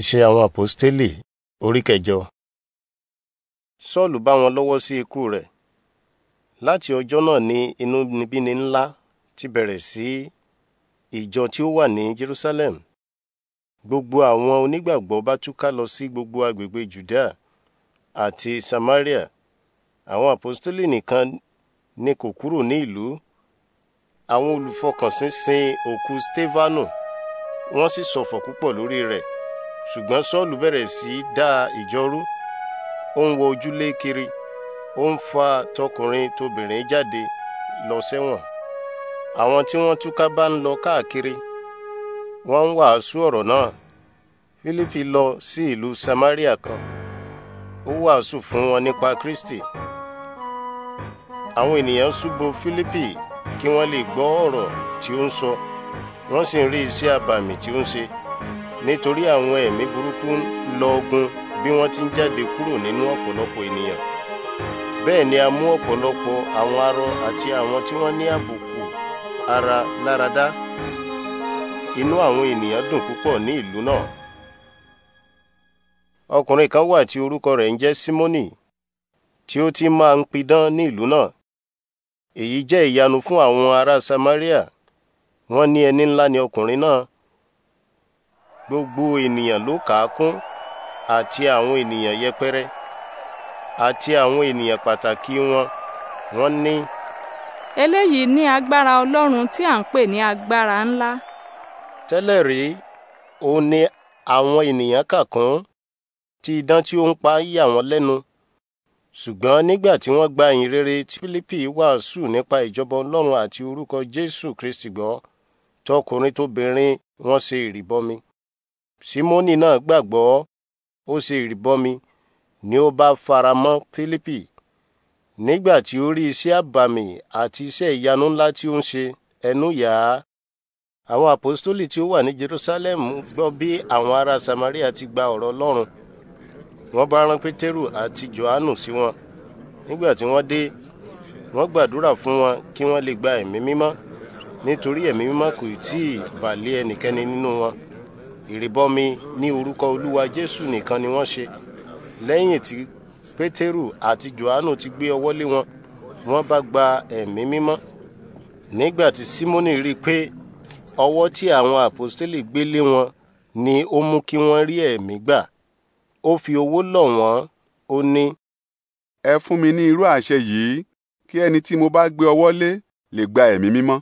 Iṣẹ́ àwọn àpọ́stélì orí kẹjọ. Sọ́ọ̀lù bá wọn lọ́wọ́ sí ikú rẹ̀. Láti ọjọ́ náà ni inúnibíni ńlá ti bẹ̀rẹ̀ sí ìjọ tí ó wà ní Jerusalem. Gbogbo àwọn onígbàgbọ́ bá túká lọ sí gbogbo agbègbè Jùdá àti Samaria. Àwọn àpọ́stélì nìkan ni kò kúrò ní ìlú. Àwọn olùfọkànsìn sin òkú Stefanu. Wọ́n sì ṣọ̀fọ̀ púpọ̀ lórí rẹ̀ ṣùgbọ́n sọ́ọ̀lù bẹ̀rẹ̀ sí í dá ìjọrú ó ń wọ ojúlé kiri ó ń fa tọkùnrin tóbìnrin jáde lọ sẹ́wọ̀n àwọn tí wọ́n túká bá ń lọ káàkiri wọ́n ń wàásù ọ̀rọ̀ náà fílípì lọ sí ìlú samaria kan ó wàásù fún wọn nípa kristi àwọn ènìyàn ṣúbọ fílípì kí wọ́n lè gbọ́ ọ̀rọ̀ tí ó ń sọ wọ́n sì ń rí iṣẹ́ àbàmì tí ó ń ṣe nítorí àwọn ẹ̀mí burúkú ń lọ ogun bí wọ́n ti ń jáde kúrò nínú ọ̀pọ̀lọpọ̀ ènìyàn bẹ́ẹ̀ ni a mú ọ̀pọ̀lọpọ̀ àwọn arọ àti àwọn tí wọ́n ní àbùkù ara láradá inú àwọn ènìyàn dùn púpọ̀ ní ìlú náà ọkùnrin kan wà tí orúkọ rẹ̀ ń jẹ́ Símónì tí ó ti máa ń pidán ní ìlú náà èyí jẹ́ ìyanu fún àwọn ará Samaria wọ́n ní ẹni ńlá ni ọkùnrin náà gbogbo ènìyàn ló kà á kún àti àwọn ènìyàn yẹpẹrẹ àti àwọn ènìyàn pàtàkì wọn wọ́n ní. eléyìí ní agbára ọlọ́run tí à ń pè ní agbára ńlá. tẹ́lẹ̀ rí ó ní àwọn ènìyàn kà kún tí idán tí ó ń pa yà wọ́n lẹ́nu ṣùgbọ́n nígbà tí wọ́n gba ìyìn rere tí Fílípì wàásù nípa ìjọba ọlọ́run àti orúkọ Jésù Kristi gbọ́ tọkùnrin tóbìnrin wọ́n ṣe ìrìbọmi simoni náà gbàgbọ́ ó ṣe ìrìbọmi ni ó bá fara mọ́ fílípì nígbà tí ó rí iṣẹ́ àbàmì àti iṣẹ́ ìyanu ńlá tí ó ń ṣe ẹnu yà àwọn àpòstólì tí ó wà ní jerusalem gbọ́ bí àwọn ará samaria ti gba ọ̀rọ̀ ọlọ́run wọ́n bá rán pétérù àti johanu sí wọn nígbà tí wọ́n dé wọ́n gbàdúrà fún wọn kí wọ́n lè gba ẹ̀mí mímọ́ nítorí ẹ̀mí mímọ́ kò tí ì bà ẹnikẹ́ni nínú wọn ìrìbọmi ní orúkọ olúwa jésù nìkan ni wọ́n ṣe lẹ́yìn tí pétérù àti johannu ti gbé ọwọ́ lé wọn wọ́n bá gba ẹ̀mí mímọ́ nígbà tí simoni rí i pé ọwọ́ tí àwọn àpòstélì gbé lé wọn ni ó mú kí wọ́n rí ẹ̀mí gbà ó fi owó lọ̀ wọ́n ó ní. ẹ fún mi ní irú àṣẹ yìí kí ẹni tí mo bá gbé ọwọ́ lé lè gba ẹ̀mí mímọ́.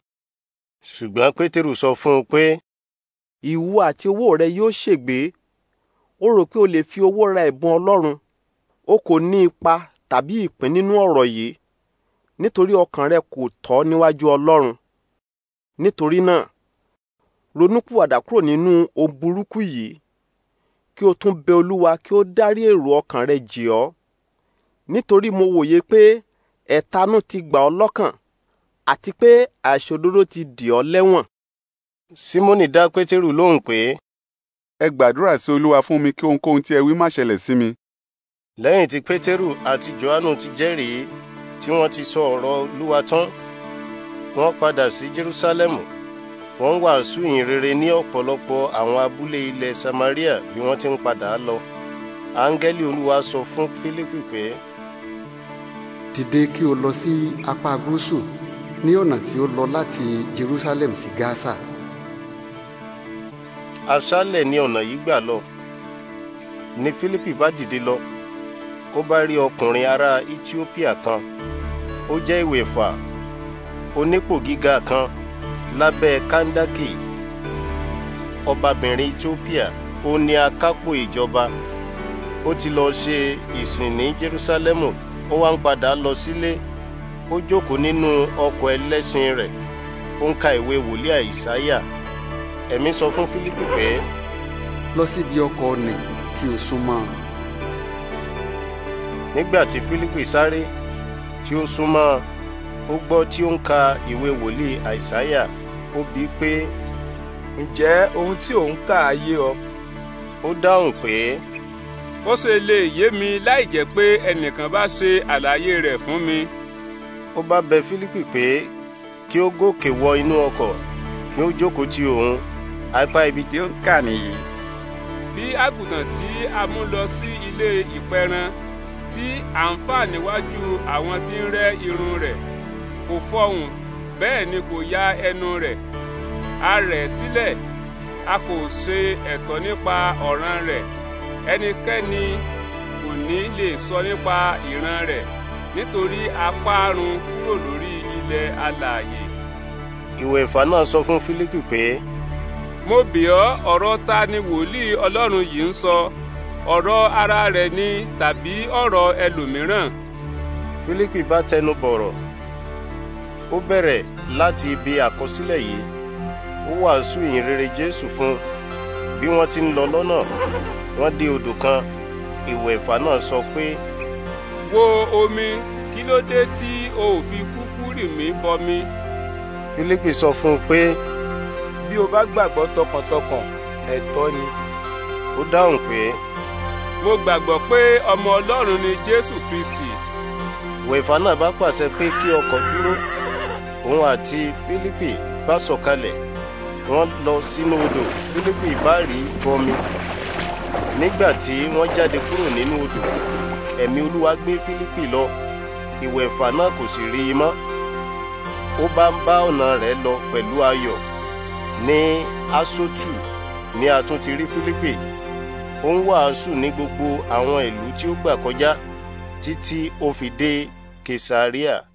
ṣùgbọ́n pétérù sọ fún un pé ìwọ àti owó rẹ yóò ṣègbé ó rò pé o lè fi owó ra ẹ̀bùn ọlọ́run o kò ní ipa tàbí ìpín nínú ọ̀rọ̀ yìí nítorí ọkàn rẹ kò tọ́ níwájú ọlọ́run nítorí náà ronúpìwàdà kúrò nínú ohun burúkú yìí kí o tún bẹ olúwa kí ó dárí èrò ọkàn rẹ jì ọ́ nítorí mo wòye pé ẹ̀tanú ti gbà ọ́ lọ́kàn àti pé àìṣòdodo ti dì ọ́ lẹ́wọ̀n Símónì dá Pétérù lóhùn pé. Ẹ gbàdúrà sí Olúwa fún mi kí ohunkóhun tí ẹ wí má ṣẹlẹ̀ sí mi. Lẹ́yìn tí Pétérù àti Jòhánù ti jẹ́rìí tí wọ́n ti sọ ọ̀rọ̀ Olúwa tán, wọ́n padà sí Jerúsálẹ́mù wọ́n ń wàásù rere ní ọ̀pọ̀lọpọ̀ àwọn abúlé ilẹ̀ Samaria bí wọ́n ti ń padà lọ. Áńgẹ́lì Olúwa sọ fún Fílípì pé. Dìde kí o lọ sí apá gúúsù ní ọ̀nà tí ó lọ láti Jerusalem sí Gaza. Si aṣálẹ̀ ni ọ̀nà yìí gbà lọ ni Fílípì bá dìde lọ ó bá rí ọkùnrin ará Ethiopia kan ó jẹ́ ìwèfà onípò gíga kan lábẹ́ Kandaki ọbabìnrin Ethiopia ó ní akápò ìjọba ó ti lọ ṣe ìsìn ní Jerúsálẹ́mù ó wá ń padà lọ sílé ó jókòó nínú ọkọ̀ ẹlẹ́ṣin rẹ̀ ó ń ka ìwé wòlíà Ìsáyà. E ẹ̀mí sọ fún Fílípù pé. lọ síbi ọkọ̀ nì kí o súnmọ́ ọ. nígbà tí Fílípù sáré tí ó súnmọ́ ọ ó gbọ́ tí ó ń ka ìwé wòlíì àìsáyà ó bi í pé. ǹjẹ́ ohun tí ò ń kà á yé ọ. ó dáhùn pé. ó ṣe lè yé mi láì jẹ́ pé ẹnìkan bá ṣe àlàyé rẹ̀ fún mi. ó bá bẹ Fílípù pé kí ó gòkè wọ inú ọkọ̀ kí ó ti òun apá ibi tí ó kà nìyí. bí àgùntàn tí a mú lọ sí ilé ìpẹran tí à ń fà níwájú àwọn tí ń rẹ́ irun rẹ̀ kò fọhùn bẹ́ẹ̀ ni kò ya ẹnu rẹ̀ a rẹ̀ sílẹ̀ a kò ṣe ẹ̀tọ́ nípa ọ̀ràn rẹ̀ ẹnikẹ́ni kò ní lè sọ nípa ìran rẹ̀ nítorí a parun kúrò lórí ilẹ̀ alààyè. ìwé ìfà náà sọ fún Fílípì pé mo bì ọ́ ọ̀rọ̀ ta ni wòlíì ọlọ́run yìí ń sọ ọ̀rọ̀ ara rẹ̀ ni tàbí ọ̀rọ̀ ẹlòmíràn. fílípì bá tẹnu bọ̀rọ̀ ó bẹ̀rẹ̀ láti ibi àkọsílẹ̀ yìí ó wàásù ìhìnrere jésù fún bí wọ́n ti ń lọ lọ́nà wọ́n dé odò kan ìwẹ̀fà náà sọ pé. wo omi kí ló dé tí o ò fi kúkú rì mí bọmi. fílípì sọ fún un pé bí o bá gbàgbọ́ tọkàntọkàn ẹ̀tọ́ ni. ó dáhùn pé. mo gbàgbọ́ pé ọmọ ọlọ́run ni jésù kristi. wẹ̀fà náà bá pàṣẹ pé kí ọkọ̀ dúró òun àti fílípì bá sọ̀kalẹ̀ wọ́n lọ sínú odò fílípì bá rí bọmi nígbà tí wọ́n jáde kúrò nínú odò ẹ̀mí olúwa gbé fílípì lọ ìwẹ̀fà náà kò sì rí i mọ́ ó bá ń bá ọ̀nà rẹ̀ lọ pẹ̀lú ayọ̀ ní asotu ni a tún ti rí Fílípì ó ń wàásù ní gbogbo àwọn ìlú tí ó gbà kọjá títí ó fi dé Kesaria.